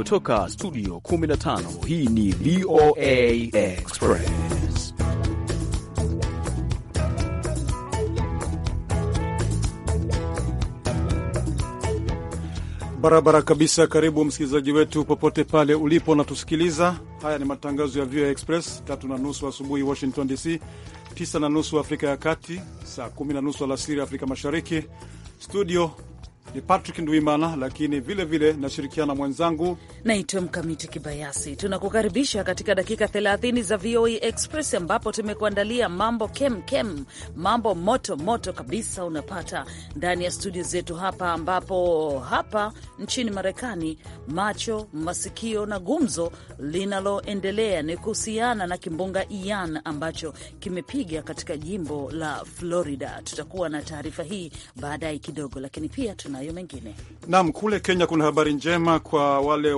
kutoka studio 15 hii ni VOA Express. Barabara kabisa. Karibu msikilizaji wetu popote pale ulipo natusikiliza. Haya ni matangazo ya VOA Express, tatu na nusu asubuhi Washington DC, tisa na nusu Afrika ya Kati, saa kumi na nusu alasiri Afrika Mashariki. Studio ni Patrick Ndwimana, lakini vilevile nashirikiana mwenzangu naitwa Mkamiti Kibayasi. Tunakukaribisha katika dakika 30 za VOA e Express ambapo tumekuandalia mambo kem kem, mambo moto moto kabisa unapata ndani ya studio zetu hapa, ambapo hapa nchini Marekani macho, masikio na gumzo linaloendelea ni kuhusiana na kimbunga Ian ambacho kimepiga katika jimbo la Florida. Tutakuwa na taarifa hii baadaye kidogo, lakini pia tuna hayo mengine. Naam, kule Kenya kuna habari njema kwa wale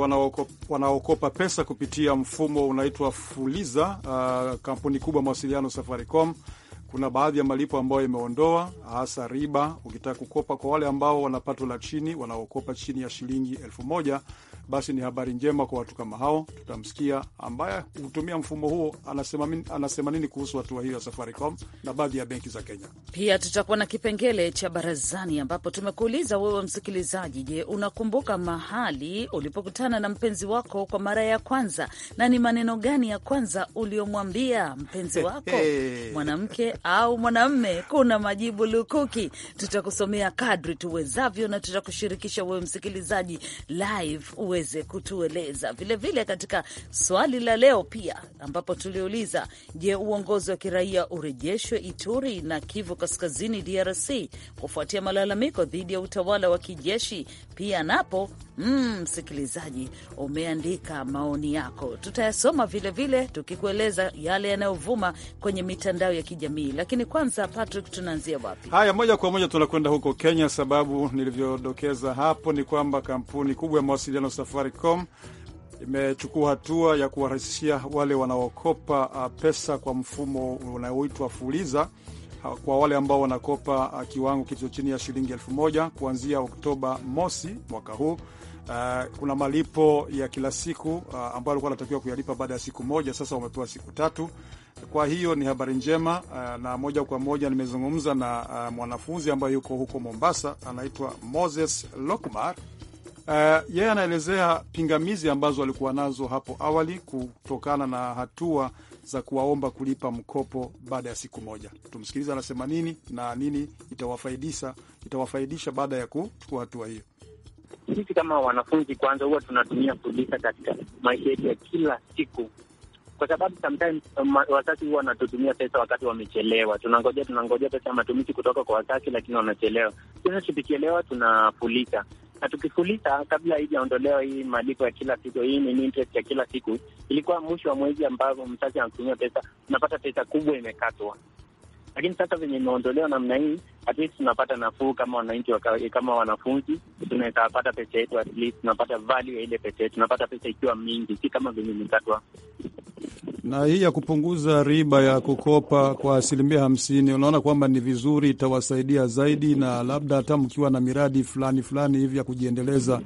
wanaokopa pesa kupitia mfumo unaitwa Fuliza. Uh, kampuni kubwa mawasiliano Safaricom, kuna baadhi ya malipo ambayo imeondoa hasa riba ukitaka kukopa. Kwa wale ambao wanapato la chini, wanaokopa chini ya shilingi elfu moja basi ni habari njema kwa watu kama hao. Tutamsikia ambaye hutumia mfumo huo anasema, min, anasema nini kuhusu hatua hiyo ya Safaricom na baadhi ya benki za Kenya. Pia tutakuwa na kipengele cha barazani ambapo tumekuuliza wewe msikilizaji, je, unakumbuka mahali ulipokutana na mpenzi wako kwa mara ya kwanza na ni maneno gani ya kwanza uliomwambia mpenzi wako mwanamke au mwanamme? Kuna majibu lukuki, tutakusomea kadri tuwezavyo na tutakushirikisha wewe msikilizaji live uweze kutueleza vilevile. Vile katika swali la leo pia, ambapo tuliuliza, je, uongozi wa kiraia urejeshwe Ituri na Kivu Kaskazini, DRC, kufuatia malalamiko dhidi ya utawala wa kijeshi? Pia napo mm, msikilizaji mm, umeandika maoni yako, tutayasoma vilevile tukikueleza yale yanayovuma kwenye mitandao ya kijamii. Lakini kwanza, Patrick, tunaanzia wapi? Haya, moja kwa moja tunakwenda huko Kenya, sababu nilivyodokeza hapo ni kwamba kampuni kubwa ya mawasiliano Safaricom imechukua hatua ya kuwarahisishia wale wanaokopa uh, pesa kwa mfumo unaoitwa Fuliza uh, kwa wale ambao wanakopa uh, kiwango kilicho chini ya shilingi elfu moja kuanzia Oktoba mosi mwaka huu. Uh, kuna malipo ya kila siku uh, ambayo alikuwa anatakiwa kuyalipa baada ya siku moja, sasa wamepewa siku tatu. Kwa hiyo ni habari njema uh, na moja kwa moja nimezungumza na uh, mwanafunzi ambaye yuko huko Mombasa, anaitwa Moses Lokmar Eh, yeye uh, anaelezea pingamizi ambazo walikuwa nazo hapo awali kutokana na hatua za kuwaomba kulipa mkopo baada ya siku moja. Tumsikiliza anasema nini na nini itawafaidisha, itawafaidisha baada ya kuchukua hatua hiyo. Sisi kama wanafunzi kwanza, huwa tunatumia kuuliza katika maisha yetu ya kila siku, kwa sababu sometimes wazazi huwa wanatutumia pesa wakati wamechelewa. Tunangojea tunangojea pesa ya matumizi kutoka kwa wazazi, lakini wanachelewa. Sasa tukichelewa tunapuliza na tukifuliza kabla haijaondolewa hii malipo ya kila siku, hii ni interest ya kila siku, ilikuwa mwisho wa mwezi ambapo mzazi anatumia pesa, unapata pesa kubwa imekatwa lakini sasa venye imeondolewa namna hii, at least tunapata nafuu kama wananchi, kama wanafunzi tunaweza pata pesa yetu, at least tunapata value ya ile pesa yetu, tunapata pesa ikiwa mingi, si kama venye imekatwa. Na hii ya kupunguza riba ya kukopa kwa asilimia hamsini, unaona kwamba ni vizuri, itawasaidia zaidi, na labda hata mkiwa na miradi fulani fulani hivi ya kujiendeleza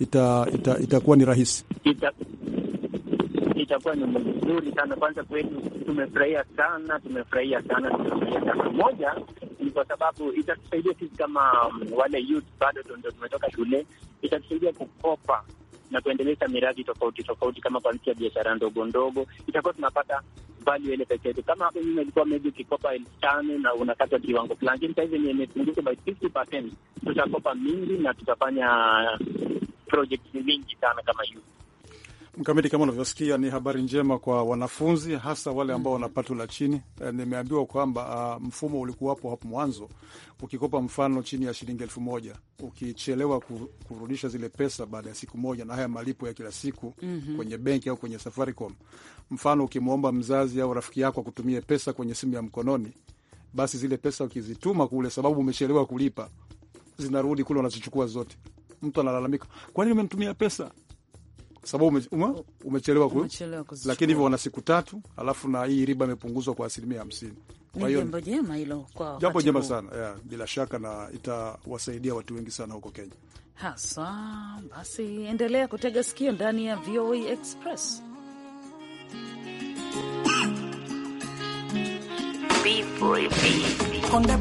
ita- itakuwa ita ni rahisi ita, itakuwa ni mzuri sana. Kwanza kwetu tumefurahia sana, tumefurahia sana, tumefurahia sana. Moja ni kwa sababu itatusaidia sisi kama um, wale youth bado ndio tumetoka shule, itatusaidia kukopa na kuendeleza miradi tofauti tofauti, kama kuanzia biashara ndogo ndogo, itakuwa tunapata value ile peke yetu. Kama hapo nyuma ilikuwa maybe ukikopa elfu tano na unakatwa kiwango fulani, lakini sahizi ni imepunguzwa by 50%. Tutakopa mingi na tutafanya uh, project nyingi sana kama hiyo. Mkamiti, kama unavyosikia ni habari njema kwa wanafunzi, hasa wale ambao mm-hmm. wana pato la chini. Eh, nimeambiwa kwamba uh, mfumo ulikuwapo hapo mwanzo, ukikopa mfano chini ya shilingi elfu moja ukichelewa kurudisha zile pesa baada ya siku moja, na haya malipo ya kila siku mm -hmm. kwenye benki au kwenye Safaricom, mfano ukimwomba mzazi au rafiki yako akutumie pesa kwenye simu ya mkononi, basi zile pesa ukizituma kule, sababu umechelewa kulipa, zinarudi kule, wanazichukua zote. Mtu analalamika, kwani umenitumia pesa sababu ume, ume, umechelewa, umechelewa, lakini hivyo wana siku tatu, alafu na hii riba imepunguzwa kwa asilimia hamsini. Kwa hiyo jambo jema hilo, kwa jambo jema sana yeah, bila shaka na itawasaidia watu wengi sana huko Kenya haswa. Basi endelea kutega sikio ndani ya VOA e Express. Konde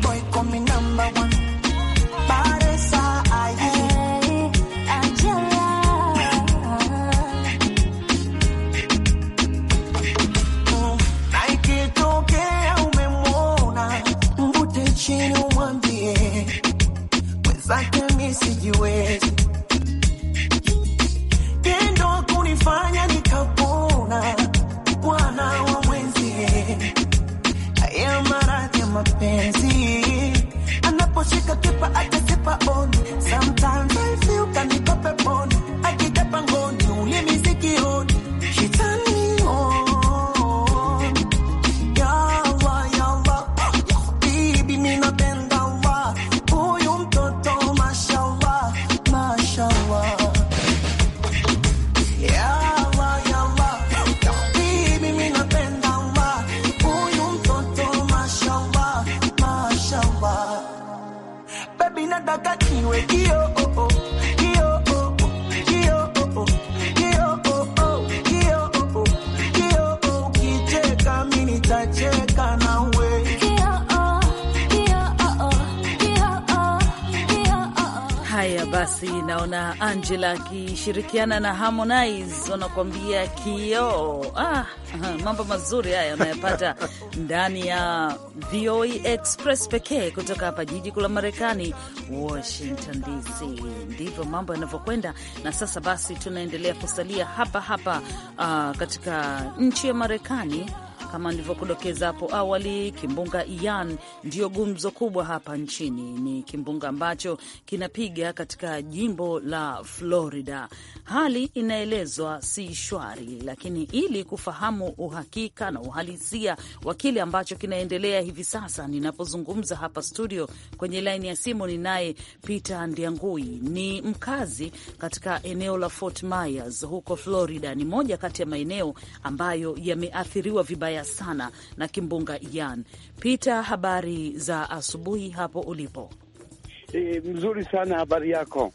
Angela akishirikiana na Harmonize wanakuambia kioo. Ah, mambo mazuri haya anayapata ndani ya VOA e Express pekee kutoka hapa jiji kuu la Marekani, Washington DC. Ndivyo mambo yanavyokwenda. Na sasa basi, tunaendelea kusalia hapa hapa, uh, katika nchi ya Marekani kama nilivyokudokeza hapo awali, kimbunga Ian ndiyo gumzo kubwa hapa nchini. Ni kimbunga ambacho kinapiga katika jimbo la Florida. Hali inaelezwa si shwari, lakini ili kufahamu uhakika na uhalisia wa kile ambacho kinaendelea hivi sasa, ninapozungumza hapa studio, kwenye laini ya simu ninaye Peter Ndiangui, ni mkazi katika eneo la Fort Myers huko Florida. Ni moja kati ya maeneo ambayo yameathiriwa vibaya sana na kimbunga Ian. Peter, habari za asubuhi hapo ulipo? E, mzuri sana. Habari yako?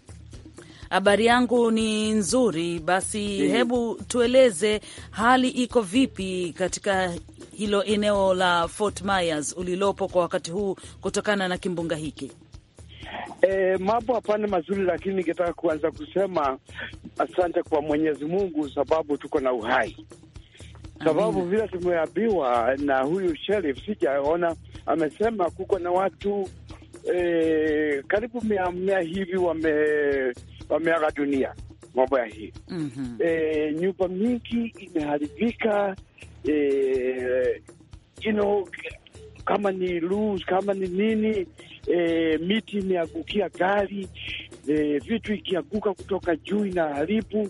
Habari yangu ni nzuri. Basi e, hebu tueleze hali iko vipi katika hilo eneo la Fort Myers ulilopo kwa wakati huu kutokana na kimbunga hiki? E, mambo hapana mazuri, lakini ningetaka kuanza kusema asante kwa Mwenyezi Mungu sababu tuko na uhai sababu vile tumeambiwa na huyu sheriff, sijaona amesema kuko na watu eh, karibu mia mia hivi wame wameaga dunia mambo ya hii mm -hmm. E, nyumba mingi imeharibika e, you know, kama ni luz, kama ni nini e, miti imeangukia gari e, vitu ikianguka kutoka juu inaharibu,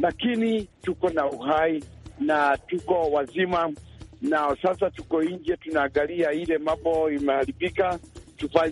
lakini tuko na uhai na tuko wazima, na sasa tuko nje, tunaangalia ile mambo imeharibika,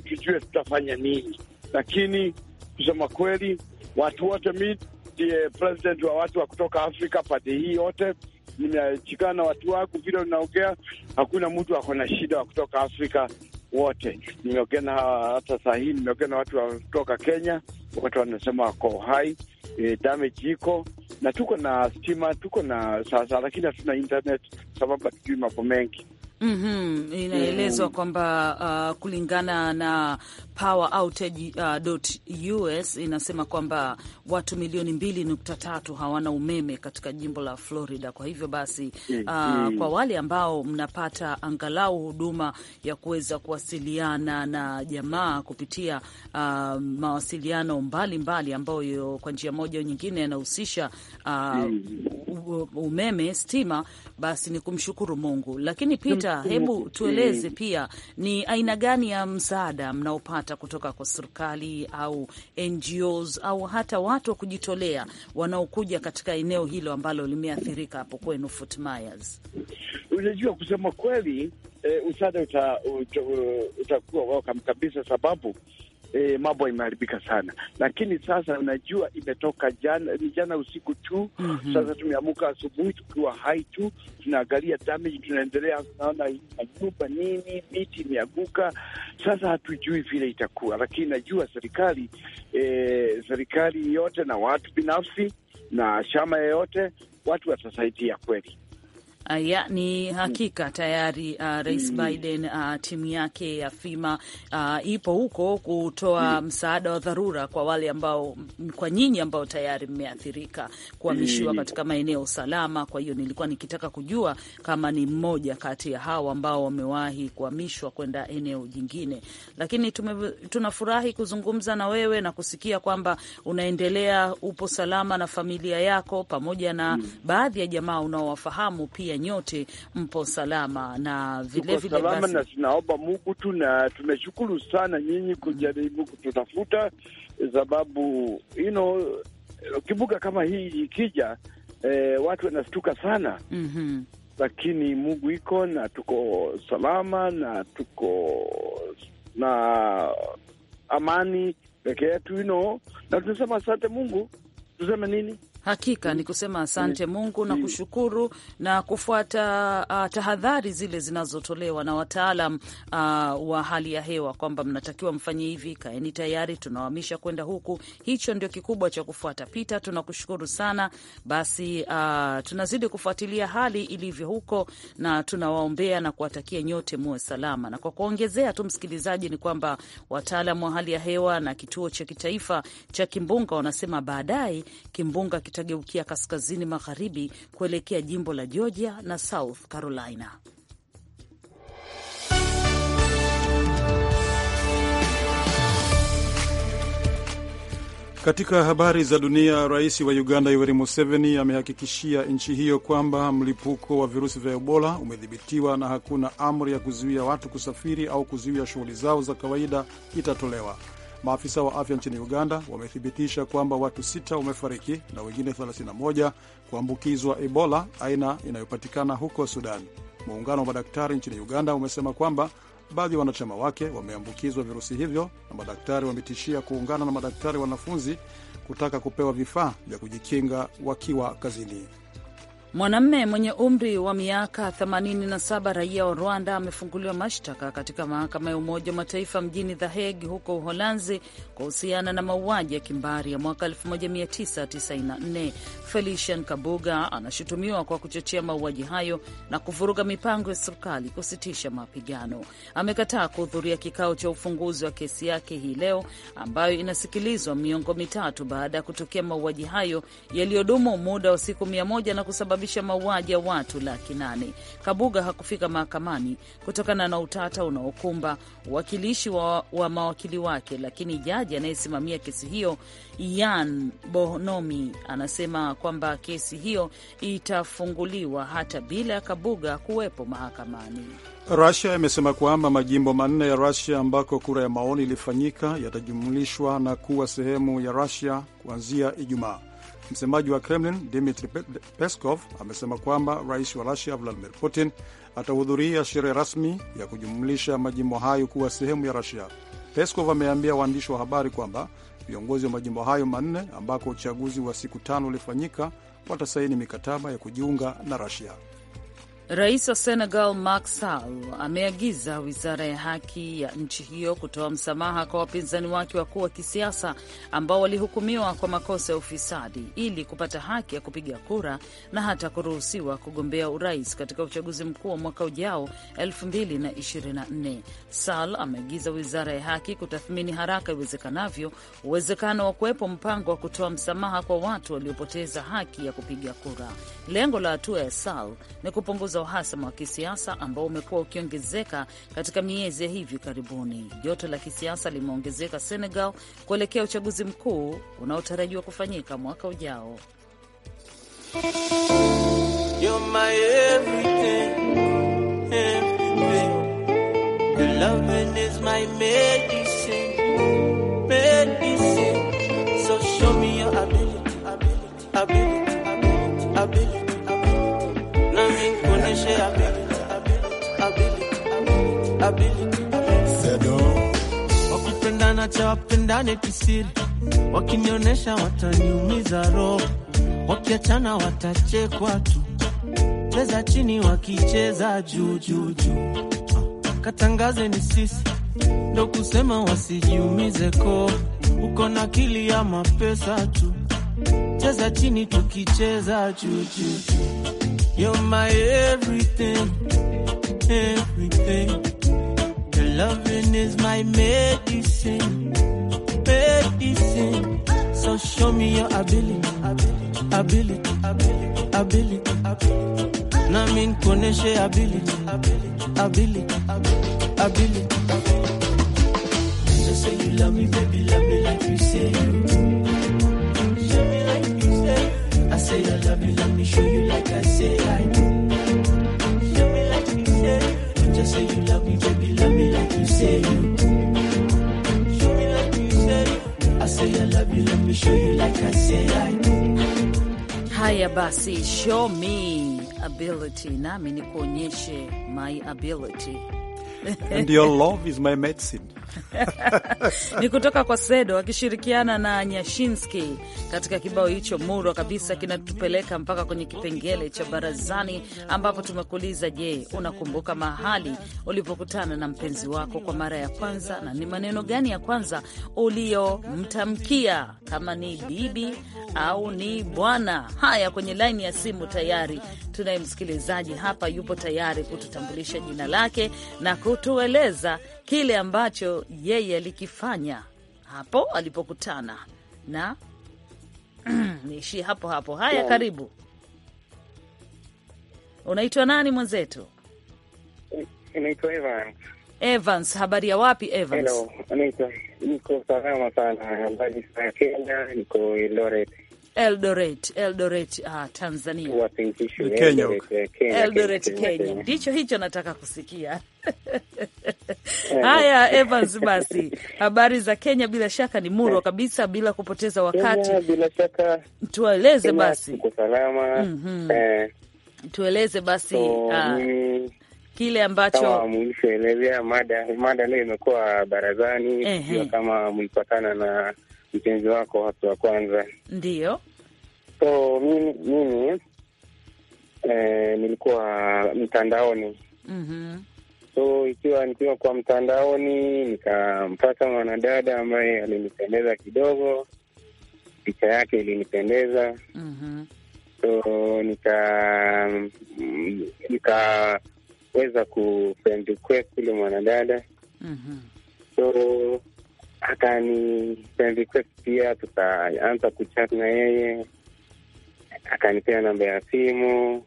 tujue tutafanya nini. Lakini kusema kweli, watu wote, mi ndiye president wa watu wa kutoka Afrika pande hii yote nimechikana na watu wangu, vile unaongea, hakuna mtu ako na shida wa kutoka Afrika wote. Nimeongea na hata saa hii nimeongea na watu wa kutoka Kenya, watu wanasema wako hai, e, damage iko na tuko na stima, tuko na sasa, lakini hatuna internet sababu hatujui mambo mengi. Mm -hmm. Inaelezwa mm -hmm. kwamba uh, kulingana na poweroutage.us uh, inasema kwamba watu milioni mbili nukta tatu hawana umeme katika jimbo la Florida. Kwa hivyo basi mm, uh, mm. kwa wale ambao mnapata angalau huduma ya kuweza kuwasiliana na jamaa kupitia uh, mawasiliano mbalimbali ambayo kwa njia moja au nyingine yanahusisha uh, mm. umeme, stima, basi ni kumshukuru Mungu. Lakini Peter, hebu tueleze pia ni aina gani ya msaada mnaopata hata kutoka kwa serikali au NGOs au hata watu wa kujitolea wanaokuja katika eneo hilo ambalo limeathirika hapo kwenu Footmyers? Unajua, kusema kweli, e, eh, msaada utakuwa uta, uta welcome kabisa, sababu e, mambo imeharibika sana, lakini sasa unajua imetoka jana, ni jana usiku tu mm -hmm. Sasa tumeamuka asubuhi tukiwa hai tu, tunaangalia damage, tunaendelea naona nyumba nini, miti imeanguka. Sasa hatujui vile itakuwa, lakini najua serikali e, serikali yote na watu binafsi na chama yeyote, watu watasaidia kweli ya, ni mm. hakika tayari uh, Rais mm. Biden uh, timu yake ya FEMA uh, ipo huko kutoa mm. msaada wa dharura kwa wale ambao, kwa nyinyi ambao tayari mmeathirika kuhamishiwa katika maeneo salama. Kwa hiyo nilikuwa nikitaka kujua kama ni mmoja kati ya hawa ambao wamewahi kuhamishwa kwenda eneo jingine, lakini tume, tunafurahi kuzungumza na wewe na kusikia kwamba unaendelea, upo salama na familia yako pamoja na baadhi ya jamaa unaowafahamu pia nyote mpo salama na vilevile salama basi... na tunaomba Mungu tu na tunashukuru sana nyinyi kujaribu kututafuta, sababu you know, kibuga kama hii ikija eh, watu wanastuka sana mm -hmm. Lakini Mungu iko na tuko salama na tuko na amani peke yetu ino, na tunasema asante Mungu, tuseme nini? Hakika ni kusema asante Mungu na kushukuru na kufuata uh, tahadhari zile zinazotolewa na wataalam uh, wa hali ya hewa kwamba mnatakiwa mfanye hivi, kaeni tayari, tunawamisha kwenda huku. Hicho ndio kikubwa cha kufuata. Pita, tunakushukuru sana. Basi uh, tunazidi kufuatilia hali ilivyo huko na tunawaombea na kuwatakia nyote muwe salama. Na kwa kuongezea tu, msikilizaji, ni kwamba wataalam wa hali ya hewa na kituo cha kitaifa cha kimbunga wanasema baadaye kimbunga kitageukia kaskazini magharibi kuelekea jimbo la Georgia na South Carolina. Katika habari za dunia, rais wa Uganda Yoweri Museveni amehakikishia nchi hiyo kwamba mlipuko wa virusi vya Ebola umedhibitiwa na hakuna amri ya kuzuia watu kusafiri au kuzuia shughuli zao za kawaida itatolewa. Maafisa wa afya nchini Uganda wamethibitisha kwamba watu sita wamefariki na wengine 31 kuambukizwa Ebola, aina inayopatikana huko Sudan. Muungano wa madaktari nchini Uganda umesema kwamba baadhi ya wanachama wake wameambukizwa virusi hivyo, na madaktari wametishia kuungana na madaktari wanafunzi kutaka kupewa vifaa vya kujikinga wakiwa kazini. Mwanamme mwenye umri wa miaka 87 raia wa Rwanda amefunguliwa mashtaka katika mahakama ya Umoja wa Mataifa mjini The Hague huko Uholanzi kuhusiana na mauaji ya kimbari ya mwaka 1994. Felician Kabuga anashutumiwa kwa kuchochea mauaji hayo na kuvuruga mipango ya serikali kusitisha mapigano. Amekataa kuhudhuria kikao cha ufunguzi wa kesi yake hii leo ambayo inasikilizwa miongo mitatu baada ya kutokea mauaji hayo yaliyodumu muda wa siku 100 na kusababisha kusababisha mauaji ya watu laki nane. Kabuga hakufika mahakamani kutokana na utata unaokumba uwakilishi wa, wa mawakili wake, lakini jaji anayesimamia kesi hiyo yan Bonomi anasema kwamba kesi hiyo itafunguliwa hata bila ya Kabuga kuwepo mahakamani. Rusia imesema kwamba majimbo manne ya Rusia ambako kura ya maoni ilifanyika yatajumulishwa na kuwa sehemu ya Rusia kuanzia Ijumaa. Msemaji wa Kremlin Dmitri Peskov amesema kwamba rais wa Rusia Vladimir Putin atahudhuria sherehe rasmi ya kujumlisha majimbo hayo kuwa sehemu ya Rusia. Peskov ameambia waandishi wa habari kwamba viongozi wa majimbo hayo manne ambako uchaguzi wa siku tano ulifanyika watasaini mikataba ya kujiunga na Rusia. Rais wa Senegal Macky Sall ameagiza wizara ya haki ya nchi hiyo kutoa msamaha kwa wapinzani wake wakuu wa kisiasa ambao walihukumiwa kwa makosa ya ufisadi ili kupata haki ya kupiga kura na hata kuruhusiwa kugombea urais katika uchaguzi mkuu wa mwaka ujao 2024. Sall ameagiza wizara ya haki kutathmini haraka iwezekanavyo uwezekano wa kuwepo mpango wa kutoa msamaha kwa watu waliopoteza haki ya kupiga kura. Lengo la hatua ya Sall ni kupunguza za uhasama wa kisiasa ambao umekuwa ukiongezeka katika miezi ya hivi karibuni. Joto la kisiasa limeongezeka Senegal kuelekea uchaguzi mkuu unaotarajiwa kufanyika mwaka ujao. You're my Wakipendana cha wapendane kisiri, wakinionyesha wataniumiza roho, wakiachana watachekwa tu, cheza chini wakicheza juu juu juu, katangaze ni sisi ndo kusema wasijiumize ko uko na akili ya mapesa tu, cheza chini tukicheza juu juu juu, you're my everything everything. Your loving is my medicine, medicine. So show me your ability, ability, ability, ability. ability. Nami nikuoneshe ability, ability, ability. Just say you love me, baby, love me like you say you do. Show me like you say. I say I love you, let me show you like I say I do. Haya basi, show me ability, nami nikuonyeshe my ability. Ndio, love is my medicine. Ni kutoka kwa Sedo akishirikiana na Nyashinski katika kibao hicho murwa kabisa, kinatupeleka mpaka kwenye kipengele cha barazani, ambapo tumekuuliza, je, unakumbuka mahali ulipokutana na mpenzi wako kwa mara ya kwanza, na ni maneno gani ya kwanza uliyomtamkia, kama ni bibi au ni bwana? Haya, kwenye laini ya simu tayari tunaye msikilizaji hapa, yupo tayari kututambulisha jina lake na kutueleza kile ambacho yeye alikifanya hapo alipokutana na niishie hapo hapo. Haya, karibu. Unaitwa nani mwenzetu? Inaitwa Evans. Evans, habari ya wapi Evans? Hello, niko salama sana, mbali sana Kenya, niko Eldoret. Eldoret, Eldoret, ah, Tanzania. Eldoret, eh, Kenya, ndicho hicho nataka kusikia. Eh. Haya, Evans, basi habari za Kenya bila shaka ni murwa eh. kabisa, bila kupoteza wakati. Kenya, bila shaka tueleze basi, Kwa salama. mm -hmm. Eh, tueleze basi so, ah, kile ambacho mlivyoelezea mada, mada leo imekuwa barazani, eh, kama mlipatana na mpenzi wako wa kwanza. ndio So mimi, mimi e, nilikuwa mtandaoni mm -hmm. So ikiwa nikiwa kwa mtandaoni nikampata mwanadada ambaye alinipendeza kidogo, picha yake ilinipendeza mm -hmm. So nika nikaweza ku friend mwanadada mm -hmm. so akani request pia, tukaanza kuchat na yeye, akanipea namba ya simu,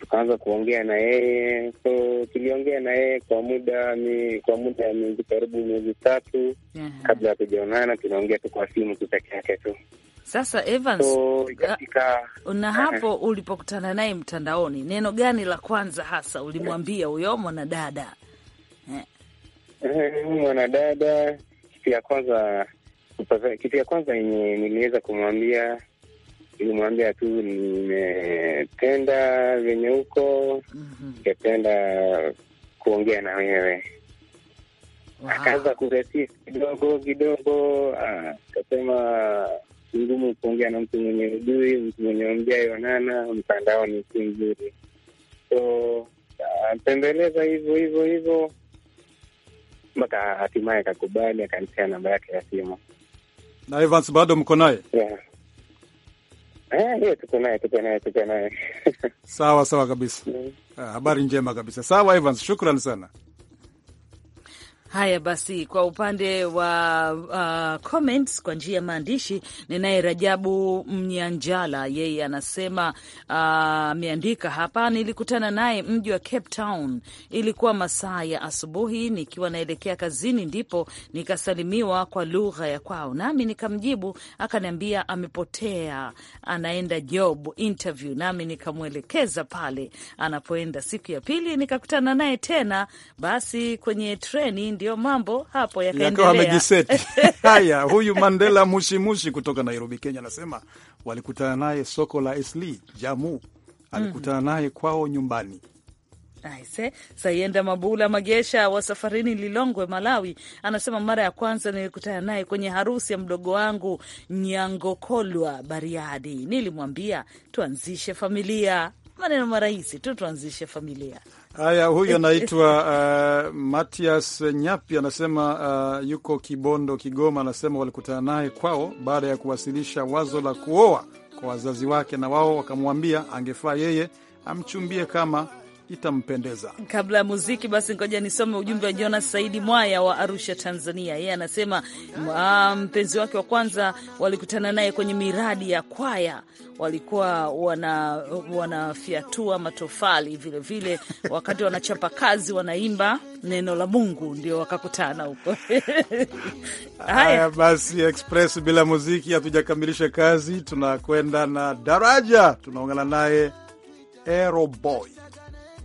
tukaanza kuongea na yeye. So tuliongea na yeye kwa muda mi, kwa muda ya miezi karibu miezi tatu kabla ya kujaonana, tunaongea tu kwa simu tu peke yake tu. Sasa Evans, so, uh, katika... na hapo ulipokutana naye mtandaoni, neno gani la kwanza hasa ulimwambia huyo mwanadada? Eh, mwanadada kitu ya kwanza kitu ya kwanza yenye niliweza kumwambia nilimwambia tu nimependa venye huko, mhm. ningependa mm -hmm. kuongea na wewe wow. Akaanza kuresist kidogo kidogo, ah, akasema ngumu kuongea na mtu mwenye ujui mtu mwenye yonana mtandao ni si mzuri, so ampembeleza ah, hivyo hivyo hivyo mpaka uh, hatimaye akakubali, akanipea namba yake ya simu. Na Evans bado mko naye? Yeah. Eh, tuko naye, tuko naye, tuko naye. Sawa sawa kabisa. Yeah. Mm. Ah, habari njema kabisa. Sawa Evans, shukrani sana. Haya basi, kwa upande wa uh, comments kwa njia ya maandishi, ninaye Rajabu Mnyanjala, yeye anasema uh, ameandika uh, hapa, nilikutana naye mji wa Cape Town, ilikuwa masaa ya asubuhi, nikiwa naelekea kazini, ndipo nikasalimiwa kwa lugha ya kwao, nami nikamjibu, akaniambia amepotea, anaenda job interview, nami nikamwelekeza pale anapoenda. Siku ya pili nikakutana naye tena, basi kwenye treni ndio mambo hapo yakaendelea, amejiseti haya. Huyu Mandela Mushimushi kutoka Nairobi, Kenya, anasema walikutana naye soko la Isli Jamu, alikutana mm -hmm. naye kwao nyumbani. Aise, eh? Sayenda Mabula Magesha wa safarini Lilongwe, Malawi, anasema mara ya kwanza nilikutana naye kwenye harusi ya mdogo wangu Nyangokolwa Bariadi. Nilimwambia tuanzishe familia, maneno marahisi tu, tuanzishe familia. Haya, huyu anaitwa uh, Matias Nyapi anasema uh, yuko Kibondo, Kigoma. Anasema walikutana naye kwao baada ya kuwasilisha wazo la kuoa kwa wazazi wake, na wao wakamwambia angefaa yeye amchumbie kama itampendeza. Kabla ya muziki, basi ngoja nisome ujumbe wa Jonas Saidi Mwaya wa Arusha, Tanzania. Yeye anasema mpenzi wake wa kwanza walikutana naye kwenye miradi ya kwaya, walikuwa wanafyatua wana matofali vilevile vile, wakati wanachapa kazi wanaimba neno la Mungu ndio wakakutana huko. Haya basi, Express bila muziki hatujakamilisha kazi. Tunakwenda na Daraja, tunaongana naye Aeroboy.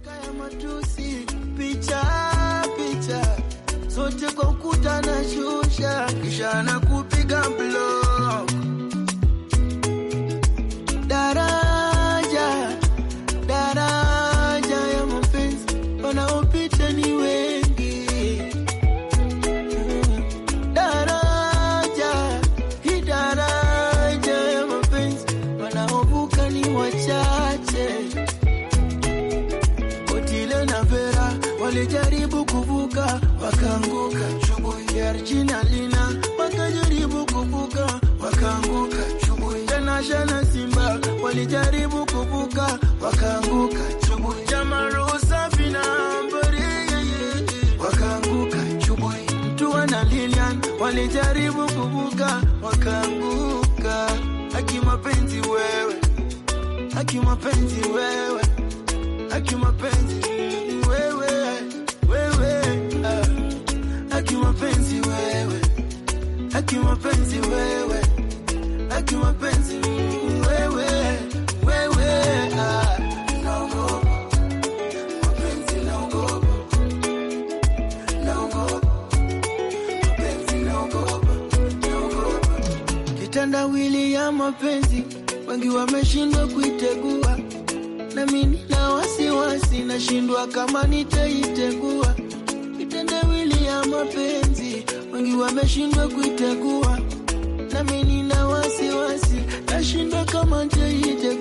Kaya matusi, picha picha zote kwa ukuta na shusha, kisha kupiga blok walijaribu kuvuka wakaanguka Chubu cha safi na ambari, wakaanguka Chubu Mtua na Lilian walijaribu kuvuka wakaanguka. Haki mapenzi wewe, haki mapenzi wewe, haki mapenzi wewe, wewe, ah. haki mapenzi wewe, haki mapenzi wewe, haki mapenzi wewe. mawili ya mapenzi, wengi wameshindwa kuitegua, na mimi na wasiwasi, nashindwa kama nitaitegua. Kitendawili ya mapenzi, wengi wameshindwa kuitegua, na mimi na wasiwasi, nashindwa kama nitaitegua.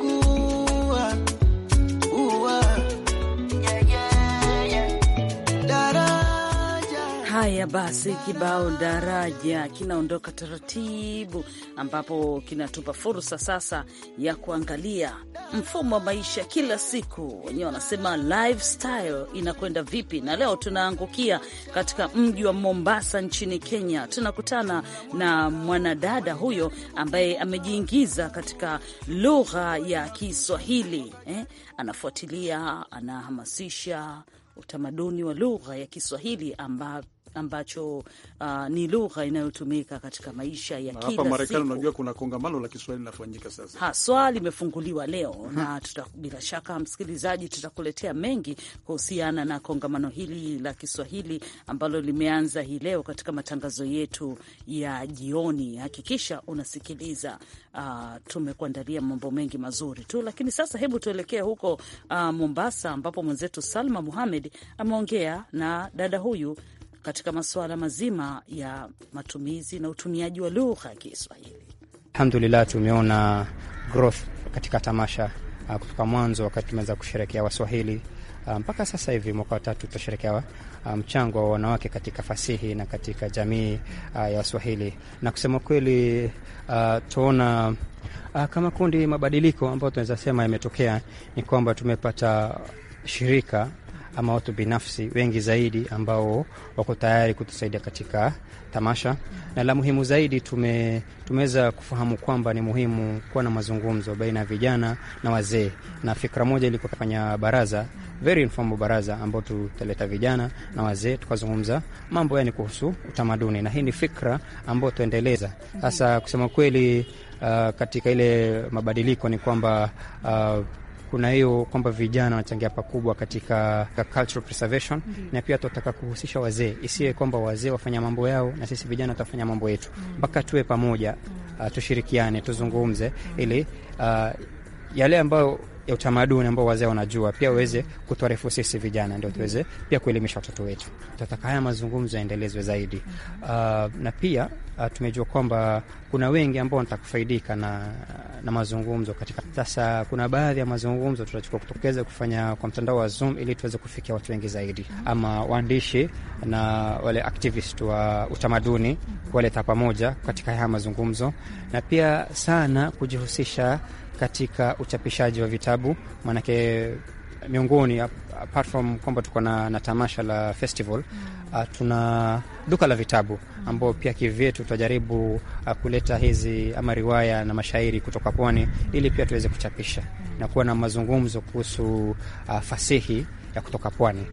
Haya basi, kibao daraja kinaondoka taratibu, ambapo kinatupa fursa sasa ya kuangalia mfumo wa maisha kila siku, wenyewe wanasema lifestyle inakwenda vipi. Na leo tunaangukia katika mji wa Mombasa nchini Kenya. Tunakutana na mwanadada huyo ambaye amejiingiza katika lugha ya Kiswahili eh, anafuatilia, anahamasisha utamaduni wa lugha ya Kiswahili ambapo ambacho uh, ni lugha inayotumika katika maisha ya kila siku. Hapa Marekani, unajua kuna kongamano la Kiswahili linafanyika sasa haswa, limefunguliwa leo na tuta, bila shaka msikilizaji, tutakuletea mengi kuhusiana na kongamano hili la Kiswahili ambalo limeanza hii leo katika matangazo yetu ya jioni. Hakikisha unasikiliza uh, tumekuandalia mambo mengi mazuri tu, lakini sasa hebu tuelekee huko uh, Mombasa ambapo mwenzetu Salma Muhamed ameongea na dada huyu katika masuala mazima ya matumizi na utumiaji wa lugha ya Kiswahili. Alhamdulillah, tumeona growth katika tamasha uh, kutoka mwanzo, wakati tumeweza kusherekea Waswahili uh, mpaka um, sasa hivi mwaka watatu tutasherekea uh, mchango um, wa wanawake katika fasihi na katika jamii uh, ya Waswahili, na kusema kweli uh, tuona uh, kama kundi mabadiliko ambayo tunaweza sema yametokea ni kwamba tumepata shirika ama watu binafsi wengi zaidi ambao wako tayari kutusaidia katika tamasha, na la muhimu zaidi tume, tumeweza kufahamu kwamba ni muhimu kuwa na mazungumzo baina ya vijana na wazee, na fikra moja ilikuwa kufanya baraza very informal baraza ambao tutaleta vijana na wazee tukazungumza mambo yani kuhusu utamaduni, na hii ni fikra ambayo tuendeleza sasa. Kusema kweli, uh, katika ile mabadiliko ni kwamba uh, kuna hiyo kwamba vijana wanachangia pakubwa katika cultural preservation mm -hmm. na pia tunataka kuhusisha wazee, isiwe kwamba wazee wafanya mambo yao na sisi vijana tutafanya mambo yetu mm. mpaka mm -hmm. tuwe pamoja mm -hmm. uh, tushirikiane, tuzungumze mm -hmm. ili uh, yale ambayo ya utamaduni ambao wazee wanajua, pia waweze kutuarifu sisi vijana, ndio tuweze pia kuelimisha watoto wetu. Tunataka haya mazungumzo yaendelezwe zaidi. Uh, na pia uh, tumejua kwamba kuna wengi ambao wanataka kufaidika na, na mazungumzo katika sasa. Kuna baadhi ya mazungumzo tutachukua kutokeza kufanya kwa mtandao wa Zoom ili tuweze kufikia watu wengi zaidi, ama waandishi na wale activist wa utamaduni kuwaleta pamoja katika haya mazungumzo, na pia sana kujihusisha katika uchapishaji wa vitabu, manake miongoni apart from kwamba tuko na, na tamasha la festival mm. uh, tuna duka la vitabu mm. ambao pia kivyetu tutajaribu uh, kuleta hizi ama riwaya na mashairi kutoka pwani ili pia tuweze kuchapisha mm. na kuwa na mazungumzo kuhusu uh, fasihi ya kutoka pwani.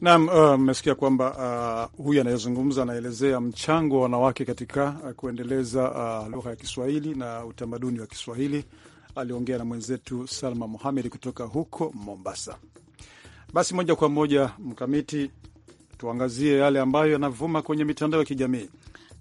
Naam, uh, mmesikia uh, kwamba uh, huyu anayezungumza anaelezea mchango wa wanawake katika uh, kuendeleza uh, lugha ya Kiswahili na utamaduni wa Kiswahili. Aliongea na mwenzetu Salma Muhamed kutoka huko Mombasa. Basi moja kwa moja, Mkamiti, tuangazie yale ambayo yanavuma kwenye mitandao ya kijamii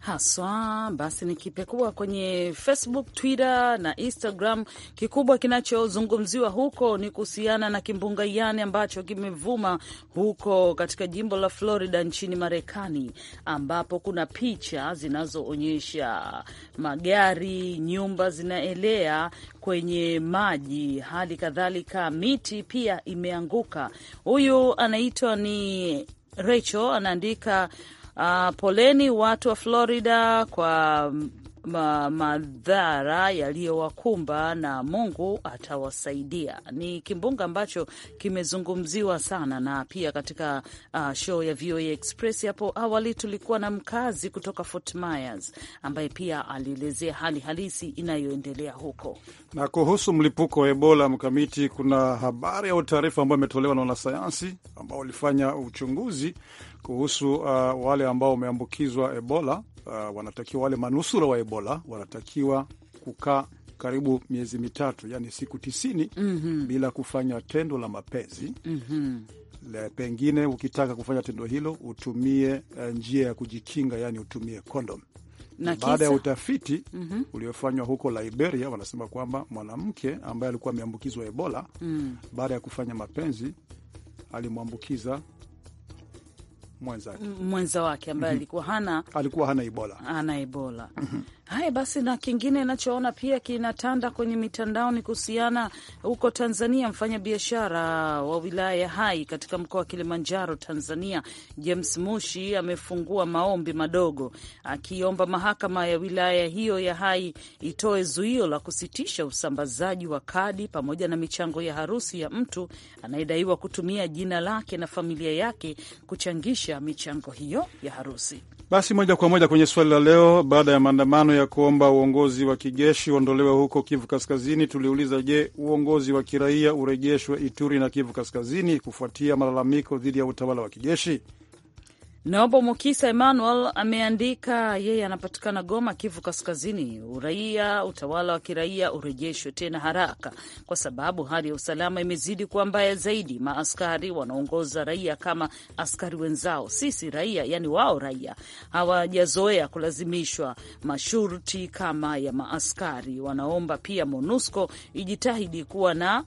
haswa. Basi ni kipekua kwenye Facebook, Twitter na Instagram. Kikubwa kinachozungumziwa huko ni kuhusiana na kimbunga Yani ambacho kimevuma huko katika jimbo la Florida nchini Marekani, ambapo kuna picha zinazoonyesha magari, nyumba zinaelea kwenye maji, hali kadhalika miti pia imeanguka. Huyu anaitwa ni Rachel anaandika Uh, poleni watu wa Florida kwa ma madhara yaliyowakumba na Mungu atawasaidia. Ni kimbunga ambacho kimezungumziwa sana, na pia katika uh, show ya VOA Express hapo awali tulikuwa na mkazi kutoka Fort Myers ambaye pia alielezea hali halisi inayoendelea huko. Na kuhusu mlipuko wa Ebola mkamiti, kuna habari au taarifa ambayo imetolewa na wanasayansi ambao walifanya uchunguzi kuhusu uh, wale ambao wameambukizwa Ebola uh, wanatakiwa wale manusura wa Ebola wanatakiwa kukaa karibu miezi mitatu, yani siku tisini mm -hmm. bila kufanya tendo la mapenzi mm -hmm. pengine ukitaka kufanya tendo hilo utumie uh, njia ya kujikinga, yani utumie kondom. Baada ya utafiti mm -hmm. uliofanywa huko Liberia, wanasema kwamba mwanamke ambaye alikuwa ameambukizwa Ebola mm. baada ya kufanya mapenzi alimwambukiza mwenza wake ambaye mhm. alikuwa hana alikuwa hana ibola hana ibola mhm. Haya basi, na kingine nachoona pia kinatanda kwenye mitandao ni kuhusiana huko Tanzania. Mfanya biashara wa wilaya ya Hai katika mkoa wa Kilimanjaro, Tanzania, James Mushi amefungua maombi madogo akiomba mahakama ya wilaya hiyo ya Hai itoe zuio la kusitisha usambazaji wa kadi pamoja na michango ya harusi ya mtu anayedaiwa kutumia jina lake na familia yake kuchangisha michango hiyo ya harusi. Basi moja kwa moja kwenye swali la leo, baada ya maandamano ya kuomba uongozi wa kijeshi uondolewe huko Kivu Kaskazini, tuliuliza je, uongozi wa kiraia urejeshwe Ituri na Kivu Kaskazini kufuatia malalamiko dhidi ya utawala wa kijeshi? Naomba Mukisa Emmanuel ameandika, yeye anapatikana Goma, Kivu Kaskazini. Uraia, utawala wa kiraia urejeshwe tena haraka, kwa sababu hali ya usalama imezidi kuwa mbaya zaidi. Maaskari wanaongoza raia kama askari wenzao. Sisi raia, yani wao raia, hawajazoea kulazimishwa masharti kama ya maaskari. Wanaomba pia MONUSCO ijitahidi kuwa na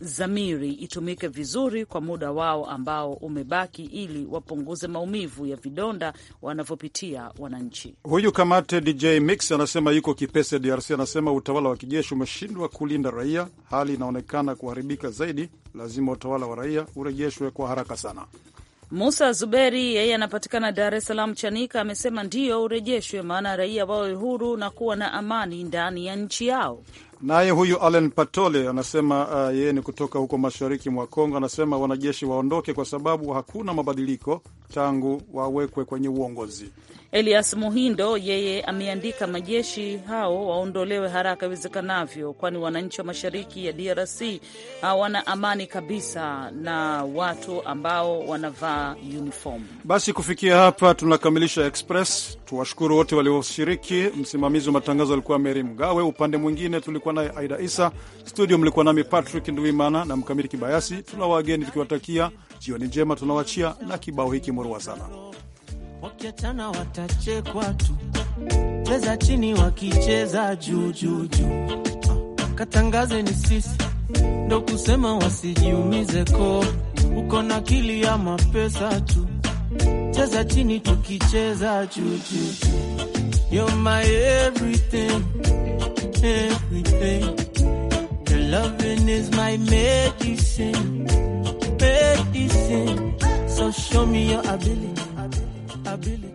zamiri itumike vizuri kwa muda wao ambao umebaki ili wapunguze maumivu ya vidonda wanavyopitia wananchi. Huyu Kamate DJ Mix anasema yuko Kipese, DRC. Anasema utawala wa kijeshi umeshindwa kulinda raia, hali inaonekana kuharibika zaidi. Lazima utawala wa raia urejeshwe kwa haraka sana. Musa Zuberi yeye anapatikana Dar es Salaam Chanika, amesema ndiyo urejeshwe, maana raia wawe huru na kuwa na amani ndani ya nchi yao. Naye huyu Alen Patole anasema uh, yeye ni kutoka huko mashariki mwa Kongo. Anasema wanajeshi waondoke kwa sababu hakuna mabadiliko tangu wawekwe kwenye uongozi. Elias Muhindo yeye ameandika majeshi hao waondolewe haraka iwezekanavyo, kwani wananchi wa mashariki ya DRC hawana amani kabisa na watu ambao wanavaa uniform. Basi kufikia hapa tunakamilisha Express. Tuwashukuru wote walioshiriki. Msimamizi wa matangazo alikuwa Meri Mgawe, upande mwingine tulikuwa naye Aida Isa, studio mlikuwa nami Patrick Nduimana na mkamiti Kibayasi. Tuna wageni tukiwatakia jioni njema, tunawachia na kibao hiki murua sana wakiachana watachekwa tu, cheza chini wakicheza juu juu juu, ah, katangaze ni sisi ndo kusema wasijiumize ko uko na kili ya mapesa tu, cheza chini tukicheza juu juu juu, you're my everything, everything. Your loving is my medicine, medicine. So show me your ability ability.